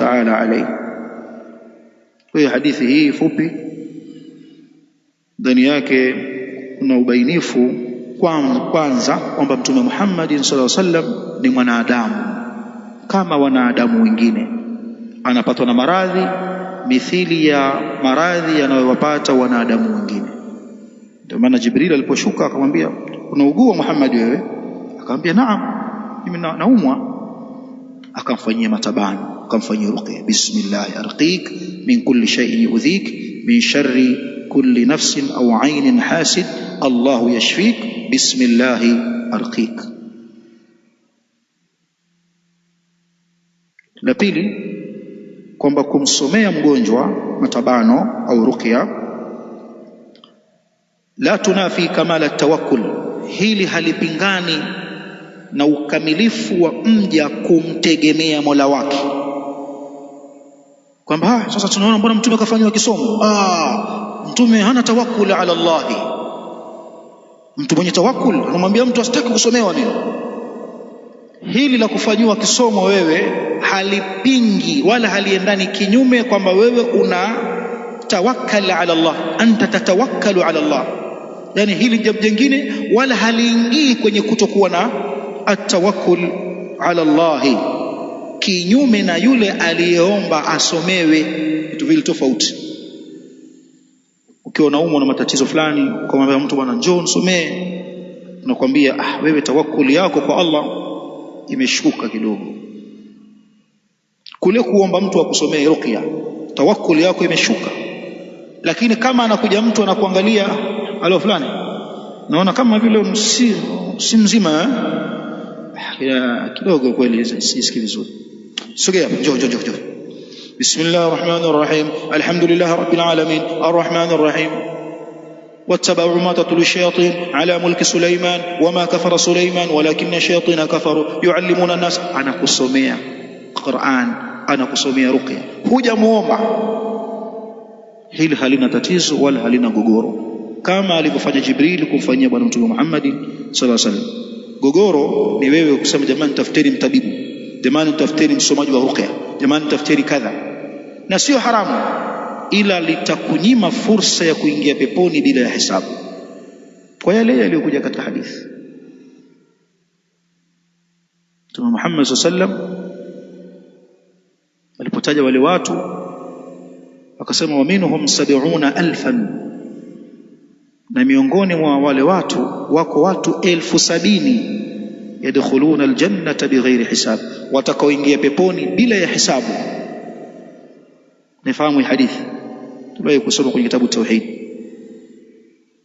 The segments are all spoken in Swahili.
taala alayhi. Kwa hiyo hadithi hii fupi ndani yake kuna ubainifu kwanza kwamba Mtume Muhammad sallallahu alaihi wasallam ni mwanadamu kama wanadamu wengine, anapatwa na maradhi mithili ya maradhi yanayowapata wanadamu wengine. Ndio maana Jibril aliposhuka akamwambia, unaugua Muhammad wewe? Akamwambia, naam, mimi naumwa. Akamfanyia matabani حقا فليرقه بسم الله أرقيك من كل شيء يؤذيك من شر كل نفس أو عين حاسد الله يشفيك بسم الله أرقيك la pili kwamba kumsomea mgonjwa matabano au ruqya la tunafi kamala tawakkul hili halipingani na ukamilifu wa mja kumtegemea mola wake kwamba sasa tunaona mbona mtume akafanyiwa kisomo. Ah, mtume hana tawakkul ala Allah. Mtu mwenye tawakkul anamwambia mtu asitaki kusomewa nini. Hili la kufanyiwa kisomo wewe halipingi wala haliendani kinyume kwamba wewe una tawakkal ala Allah, anta tatawakkalu ala Allah. Yani hili jambo jingine wala haliingii kwenye kutokuwa na atawakkul ala Allahi kinyume na yule aliyeomba asomewe vitu vile tofauti. Ukiwa unaumwa na matatizo fulani, ukamwambia mtu bwana, njoo nisomee, unakwambia ah, wewe tawakuli yako kwa Allah imeshuka kidogo. Kule kuomba mtu akusomee ruqya, tawakkuli yako imeshuka. Lakini kama anakuja mtu anakuangalia, alo fulani, naona kama vile si mzima eh? Ah, kidogo kweli, sisikii vizuri سقيم جو جو جو جو بسم الله الرحمن الرحيم الحمد لله رب العالمين الرحمن الرحيم واتبعوا ما تتلو الشياطين على ملك سليمان وما كفر سليمان ولكن الشياطين كفروا يعلمون الناس أنا قصوميا قرآن أنا كسوميا رقية هجا موما تتيز ولا هلنا wala كما gogoro kama جبريل jibrili kumfanyia محمد صلى الله عليه وسلم gogoro ni wewe kusema jamani tafuteni mtabibu jamani, tafuteni msomaji wa ruqya, jamani, tafuteni kadha, na sio haramu, ila litakunyima fursa ya kuingia peponi bila ya hisabu, kwa yale yaliyokuja katika hadithi. Mtume Muhammad sallallahu alaihi wasallam alipotaja wale watu akasema, wa minhum sab'una alfan, na miongoni mwa wale watu wako watu elfu sabini yadkhuluna aljannata bighairi hisab, watakaoingia peponi bila ya hisabu. Nifahamu hii hadithi tuliwahi kusoma kwenye kitabu Tauhid.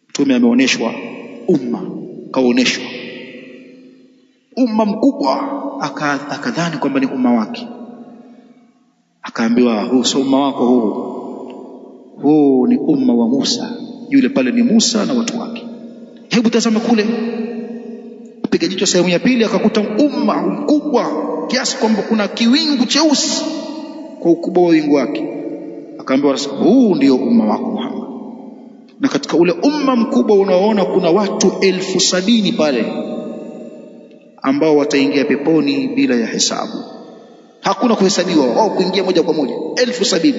Mtume ameonyeshwa umma, kaonyeshwa umma mkubwa, akadhani kwamba ni umma wake, akaambiwa huu sio umma wako, huu huu ni umma wa Musa. Yule pale ni Musa na watu wake. Hebu tazama kule Piga jicho sehemu ya pili, akakuta umma mkubwa kiasi kwamba kuna kiwingu cheusi kwa ukubwa wa wingu wake. Akaambiwa, huu ndio umma wako Muhammad. Na katika ule umma mkubwa unaoona kuna watu elfu sabini pale ambao wataingia peponi bila ya hesabu. Hakuna kuhesabiwa wao, kuingia moja kwa moja, elfu sabini.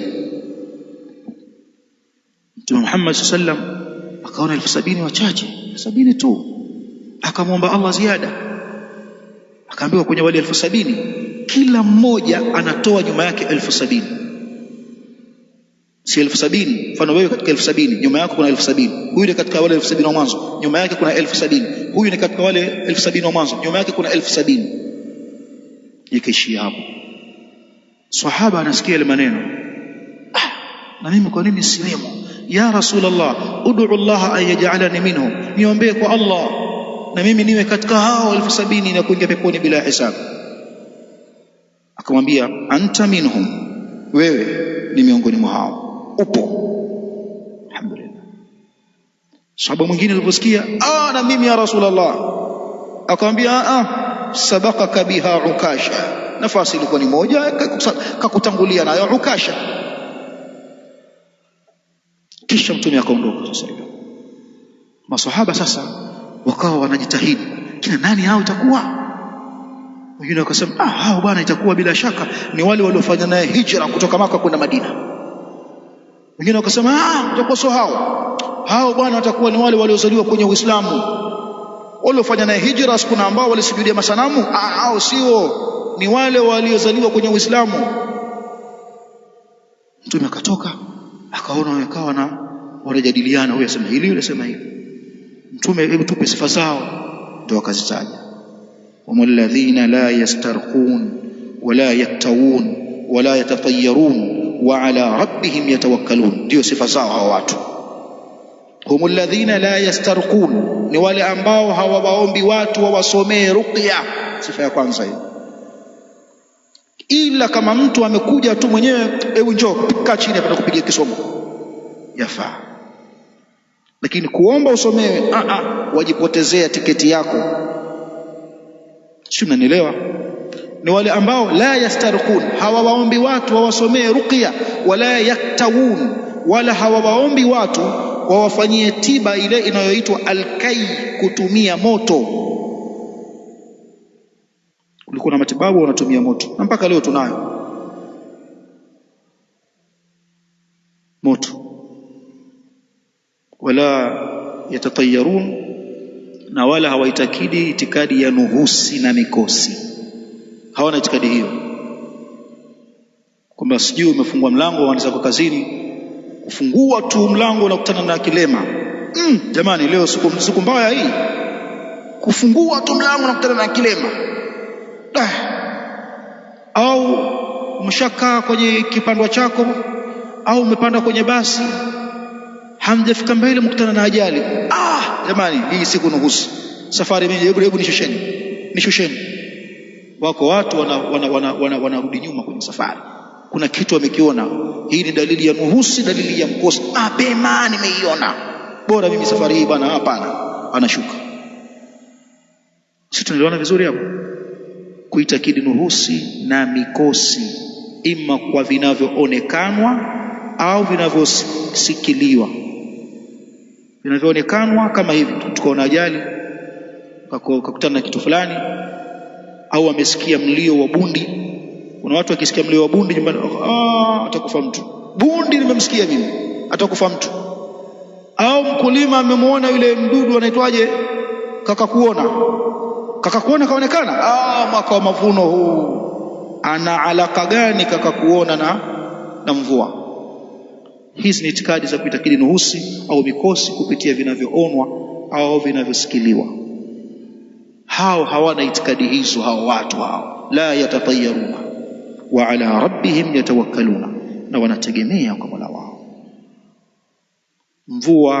Mtume Muhammad sallallahu alaihi wasallam akaona elfu sabini wachache, sabini tu akamwomba Allah ziada, akaambiwa kwenye wali elfu sabini kila mmoja anatoa nyuma yake elfu sabini si elfu sabini. Mfano wewe katika elfu sabini nyuma yako kuna elfu sabini huyu ni katika wale elfu sabini wa mwanzo, nyuma yake kuna elfu sabini huyu ni katika wale elfu sabini wa mwanzo, nyuma yake kuna elfu sabini Ikaishia hapo. Sahaba anasikia ile maneno, ah, na mimi kwa nini siwemo? Ya Rasulullah, ud'u Allah an yaj'alani minhum, niombee kwa Allah na mimi niwe katika hao elfu sabini na kuingia peponi bila hisabu. Akamwambia, anta minhum, wewe ni miongoni mwa hao, upo. Alhamdulillah. Sahaba mwingine aliposikia, ah, na mimi ya Rasulullah, akamwambia ah, ah sabakaka biha Ukasha, nafasi ilikuwa ni moja, kakutangulia nayo Ukasha. Kisha mtume akaondoka. Sasa masahaba sasa wakawa wanajitahidi. Kina nani hao? Itakuwa wengine wakasema ah, hao bwana, itakuwa bila shaka ni wale waliofanya naye hijra kutoka Maka kwenda Madina. Wengine wakasema ah, itakuwa sio hao hao bwana, watakuwa ni wale waliozaliwa kwenye Uislamu waliofanya naye hijra, sikuna ambao walisujudia masanamu. Ah, hao sio, ni wale waliozaliwa kwenye Uislamu. Mtume akatoka akaona wamekaa na wanajadiliana, huyu asema hili, yule asema hili Mtume, hebu tupe sifa zao, ndio akazitaja wamalladhina la yastarqun wala yaktawun wala yatatayarun wa ala rabbihim yatawakkalun, ndio sifa zao hawa watu. Humul ladhina la yastarqun, ni wale ambao hawawaombi watu wawasomee ruqya. Sifa ya kwanza hiyo, ila kama mtu amekuja tu mwenyewe, hebu njoo, kaa chini, apata kupigia kisomo, yafaa lakini kuomba usomewe, a ah, a, ah, wajipotezea tiketi yako. Si mnanielewa? Ni wale ambao la yastarqun, hawawaombi watu wawasomee ruqya, wala yaktawun, wala hawawaombi watu wawafanyie tiba ile inayoitwa alkai, kutumia moto. Kulikuwa na matibabu wanatumia moto, na mpaka leo tunayo wala yatatayarun, na wala hawaitakidi itikadi ya nuhusi na mikosi. Hawana itikadi hiyo kwamba sijui umefungua mlango, wanaweza kwa kazini kufungua tu mlango unakutana na kilema. Mm, jamani, leo siku, siku mbaya hii, kufungua tu mlango unakutana na kilema ah. Au umeshakaa kwenye kipandwa chako au umepanda kwenye basi hamjafika mbele mkutana na ajali. Ah, jamani, hii siku nuhusi safari mimi, hebu hebu nishusheni, nishusheni. Wako watu wanarudi wana, wana, wana, wana nyuma kwenye safari, kuna kitu wamekiona. Hii ni dalili ya nuhusi, dalili ya mkosi Ah, bema, nimeiona, bora mimi safari hii bwana, hapana, anashuka. Sisi tunaelewana vizuri hapo? Kuitakidi nuhusi na mikosi, ima kwa vinavyoonekanwa au vinavyosikiliwa vinavyoonekana kama hivi, tukaona ajali kakutana na kitu fulani, au amesikia mlio wa bundi. Kuna watu akisikia mlio wa bundi nyumbani, ah, atakufa mtu. Bundi nimemsikia mimi, atakufa mtu. Au mkulima amemwona yule mdudu anaitwaje, kakakuona, kakakuona kaonekana, ah, mwaka wa mavuno huu ana alaka gani kakakuona na, na mvua Hizi ni itikadi za kuitakidi nuhusi au mikosi kupitia vinavyoonwa au vinavyosikiliwa. Hao hawana itikadi hizo, hao watu hao, la yatatayaruna wa ala rabbihim yatawakkaluna, na wanategemea kwa mola wao. Mvua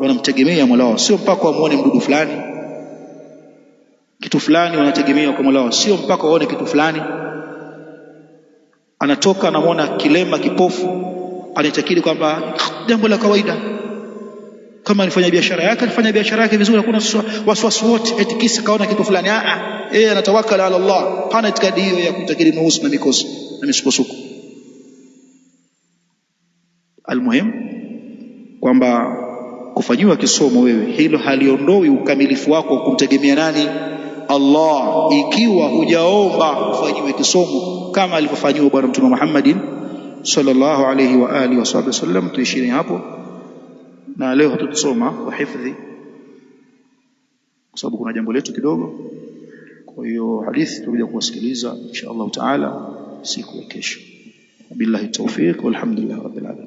wanamtegemea mola wao, sio mpaka wamwone mdudu fulani kitu fulani, wanategemea kwa mola wao, sio mpaka waone kitu fulani. Anatoka anamwona kilema kipofu alitakiri kwamba jambo la kawaida. Kama alifanya biashara yake, alifanya biashara yake vizuri, hakuna wasiwasi wote, eti kisa kaona kitu fulani. A, ah, ah, yeye anatawakala ala Allah. Pana itikadi hiyo ya kutakiri mausi na mikosi na misukosuko. Almuhimu kwamba kufanyiwa kisomo wewe, hilo haliondoi ukamilifu wako wa kumtegemea nani? Allah, ikiwa hujaomba ufanyiwe kisomo kama alivyofanyiwa Bwana Mtume Muhammadin sallallahu alayhi wa alihi wa sallam. Tuishini hapo na leo hatutusoma kwa hifdhi, kwa sababu kuna jambo letu kidogo. Kwa hiyo hadithi tutakuja kuwasikiliza insha Allah taala siku ya kesho. Billahi tawfiq, walhamdulillah rabbil alamin.